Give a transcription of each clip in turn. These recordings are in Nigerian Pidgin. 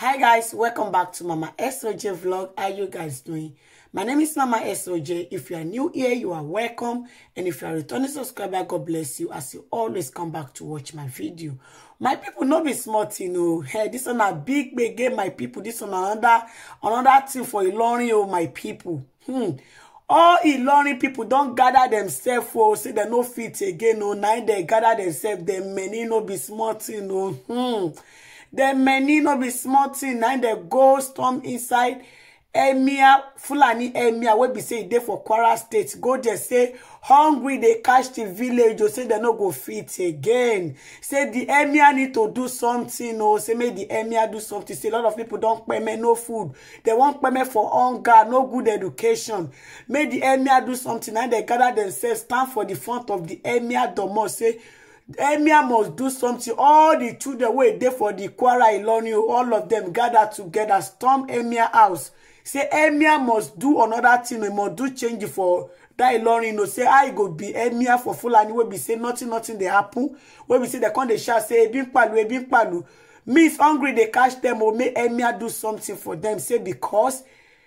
hi guys welcome back to mama soj vlog how you guys doing my name is mama soj if you are new here you are welcome and if you are returning subscriber god bless you as you always come back to watch my video my people no be small you oh. know hey this one a big big game my people this one another another thing for Ilorin oh my people hmm all Ilorin people don't gather themselves for oh, say they no fit again oh now they gather themselves They many no be small you oh. know hmm dem many no be small thing, na dem go storm inside emir fulani Emia. wey be say e for kwara state go just say hungry They catch the village o say dem no go fit again say the Emia need to do something o say make the Emia do something say a lot of people don't pay me no food They dem pay me for hunger no good education make the Emia do something and they gather themselves stand for the front of the Emia domot say emir must do something all the children wey dey for the kwara ilorin all of them gather together storm emir house say emir must do another thing. we must do change for dat ilorin know say I ah, e go be emir for fulani wey be say nothing nothing They happen wey be say dem come they shout say ebi palu ebi palu means hungry dey catch them or oh, make emir do something for them. say because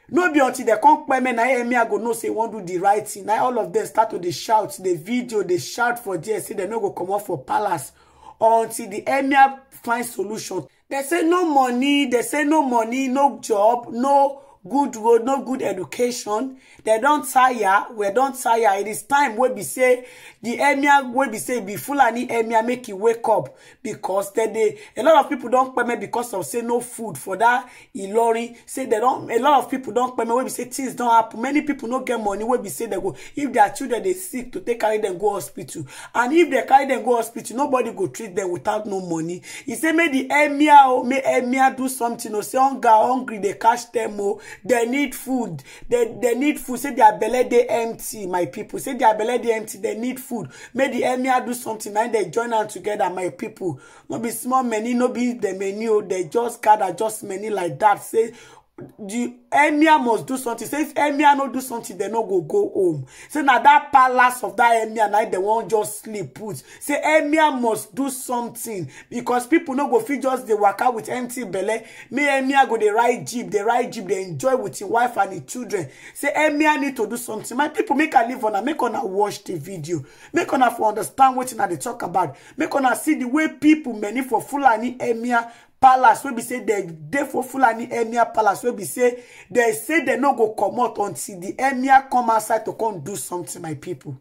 no be until they come kpeme na emi i go No say wan do the right thing na all of them start to the shout the video dey shout for there say they no go come comot for palace until the emir find solution They say no money They say no money no job no good road no good education They don't tire we don't tire it is time We be say the emia. We be say be fulani emia make you wake up because dem dey a lot of people don't permit because of say no food for that. ilorin say they don't. a lot of people don't permit. We be say things don't happen many people no get money We be say they go if their children they sick to take carry them go hospital and if they carry them go hospital nobody go treat them without no money He say may the make oh, may emia do something o oh. say hunger hungry they catch them o oh they need food they they need food say their belle dey empty my people say their belle dey empty they need food make the emir do something and they join am together my people no be small many no be the many o oh. they just gather just many like that say the emir must do something say if emir no do something they no go go home say na that palace of that emir na they won't just sleep put say emir must do something because people no go fit just dey waka with empty belly. Me emir go the right jeep the right jeep they enjoy with im wife and im children say emir need to do something my people make i leave una make una watch the video make una for understand what i dey talk about make una see the way people many for fulani emir palace wey be say they dey for fulani emir palace wey be say they say they no go come out until the emir come outside to come do something my people.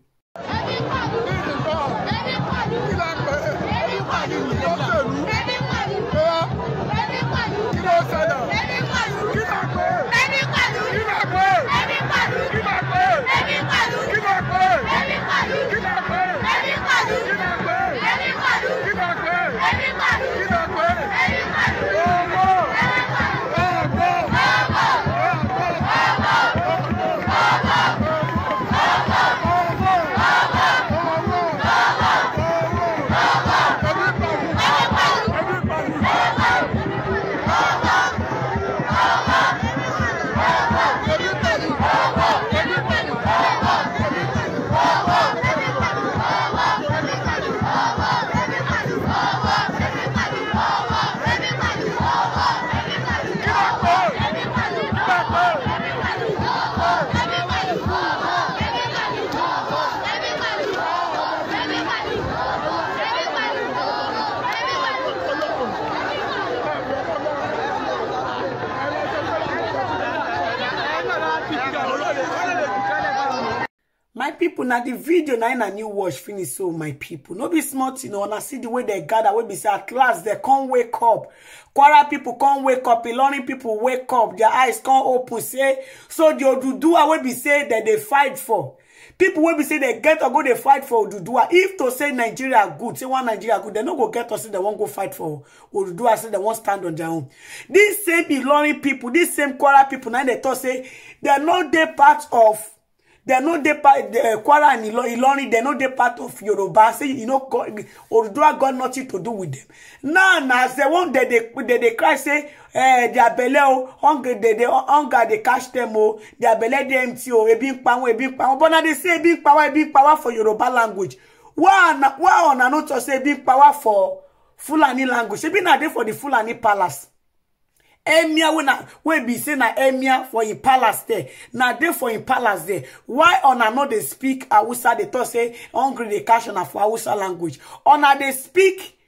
my people, now the video now in a new watch finish so my people, no be smart, you know. And I see the way they gather wey be say at last dem come wake up kwara people can't wake up ilorin people wake up their eyes can't open say so do do oduduwa wey be say that they fight for people wey be say dem get or go dey fight for oduduwa if to say nigeria good say one nigeria good dem no go get us. say dem wan go fight for oduduwa say dem wan stand on their own These same ilorin people, these same kwara people, na im dey tok say dem no dey part of dem no dey part kwara and ilorin dem no dey part of yoruba say you know oduduwa got nothing to do with them. now na as dem one they they cry say eh, dia belle o hunger They catch dem o oh. dia belle dey empty o A big power, a big power. but now they say big power, pawon ebi n for yoruba language why why una no to say big power for fulani language shebi been there for the fulani palace emia we na we be say na emia for in palace there na dey for in palace there why una no dey speak hausa dey talk say hungry dey catch una for hausa language una dey speak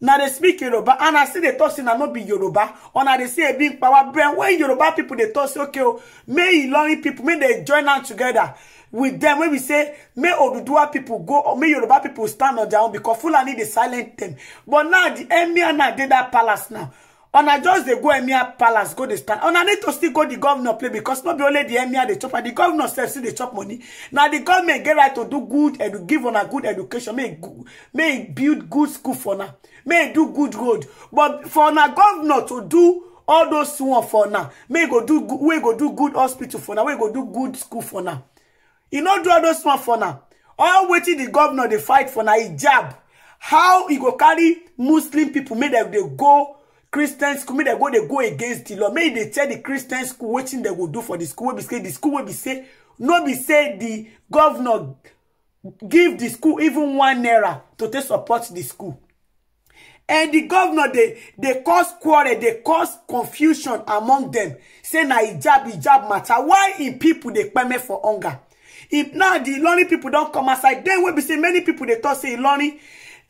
na dey speak yoruba and i see dey talk say na no be yoruba una dey say ebi power brain when yoruba people dey talk say okay o oh, may ilorin people may they join am together with them. When we say may oduduwa people go or may yoruba people stand on their own because fulani dey silent them. but now the Emia na dey that palace now una just dey go emir palace go dey stand una need to still go the governor play because no be only the emir dey chop and the governor sef still dey chop money na the government get right to do good edu give una good education make e build good school for una make e do good road but for una governor to do all those one for now make go do wey go do good hospital for now wey go do good school for now e no do all those one for now all wetin the governor dey fight for na hijab how e go carry muslim people? make dem dey go christian school make dem go dey go against di law make e dey tell di christian school wetin dem go do for di school wey be say di school wey be say no be say di governor give di school even one naira to take support di school and di govnor dey cause quarrel dey cause confusion among dem say na hijab hijab matter why im pipo dey peme for hunger if now di learning pipo don come aside, dem wey be say many pipo dey tok say learning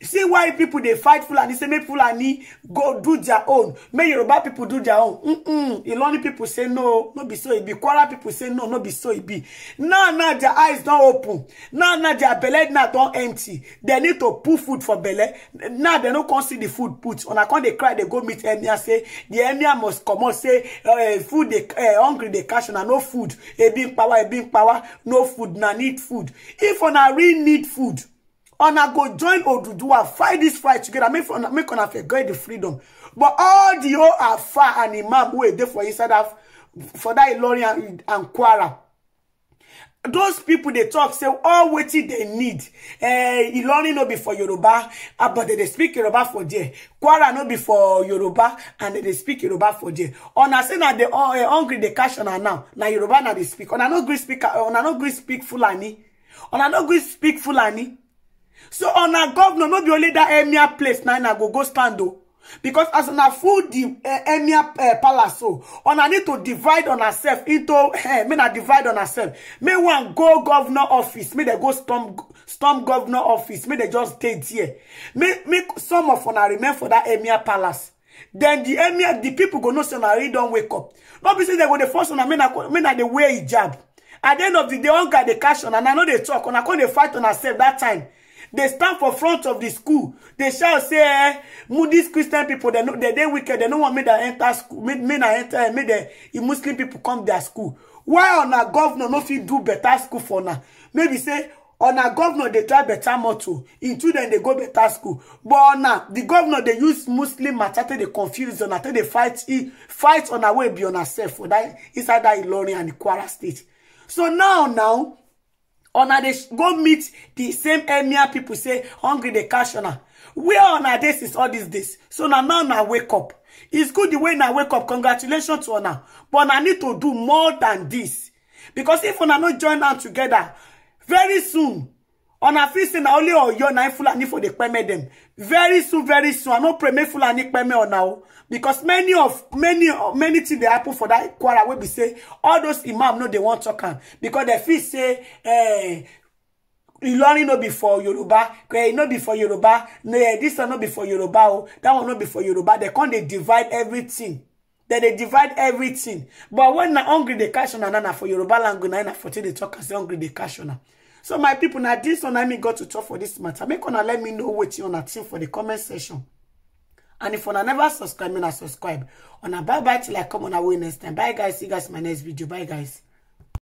see why pipo dey fight fulani say make fulani go do their own make yoruba people do their own mm-mm iloni pipo say no no be so e be kwara people say no no be so e be now now their eyes don open now now their belly now don empty They need to put food for belly. now dem no come see the food put una come they cry they go meet emia say the emia must come comot say eh, food dey eh, hungry they catch una no food power, ebi power. no food na need food if una really need food una go join oduduwa fight this fight together make una forget di freedom but all the di ohafa and imam wey dey for inside for that ilorin and kwara those people they talk say all wetin they need eh ilorin no be for yoruba ah, but they they speak yoruba for there kwara no be for yoruba and they they speak yoruba for there ona say na they dey eh, hungry they cash on now na yoruba na they speak ona no gree speak no speak fulani ona no gree speak fulani so on una governor not be only that emir place na na go go stand o oh. because as on a full di eh, emir eh, palace so oh, a need to divide on herself into eh, make na divide on herself make one go governor office make they go storm storm governor office make they just stay here there make some of on a remain for that emir palace then the emir the people go no say una really don wake up no be they go the force una make na dey wear hijab at di end of the day on guy dey cash on and i know they talk on a call dey fight on herself that time They stand for front of the school. They shall say, eh, these Christian people, they, know, they, they wicked. They don't want me to enter school. Me, me na enter, eh, me the Muslim people come their school. Why on a governor no fit do better school for now? Maybe say, on a governor they try better motto. In children they go better school. But on a, the governor they use Muslim matter they confuse on after they fight He fight on a way beyond herself for that inside that Ilorin and Kwara state. So now now una they go meet the same emir people. say hungry the cash una where una this is all dis days so now now now wake up It's good the way now wake up congratulations to una but I need to do more than this because if una not join them together, very soon On una fit say na only oyo na fulani for dey peme them very soon very soon i no pray make fulani peme una now because many of many many things they happen for that kwara wey be say all those imam no dey wan talk am because dem fit say eh, Ilorin no before Yoruba, eh, e no be Yoruba, no, eh, this one no before Yoruba, oh, that one no before Yoruba. They can't they divide everything. Then they divide everything. But when na hungry, they cash on na for Yoruba language, na for they talk as hungry, they cash on so my people, now this one i mean got to talk for this matter make una let me know wetin una think for the comment section and if una never subscribe make una subscribe una bye bye till i come on away next time bye guys see you guys in my next video bye guys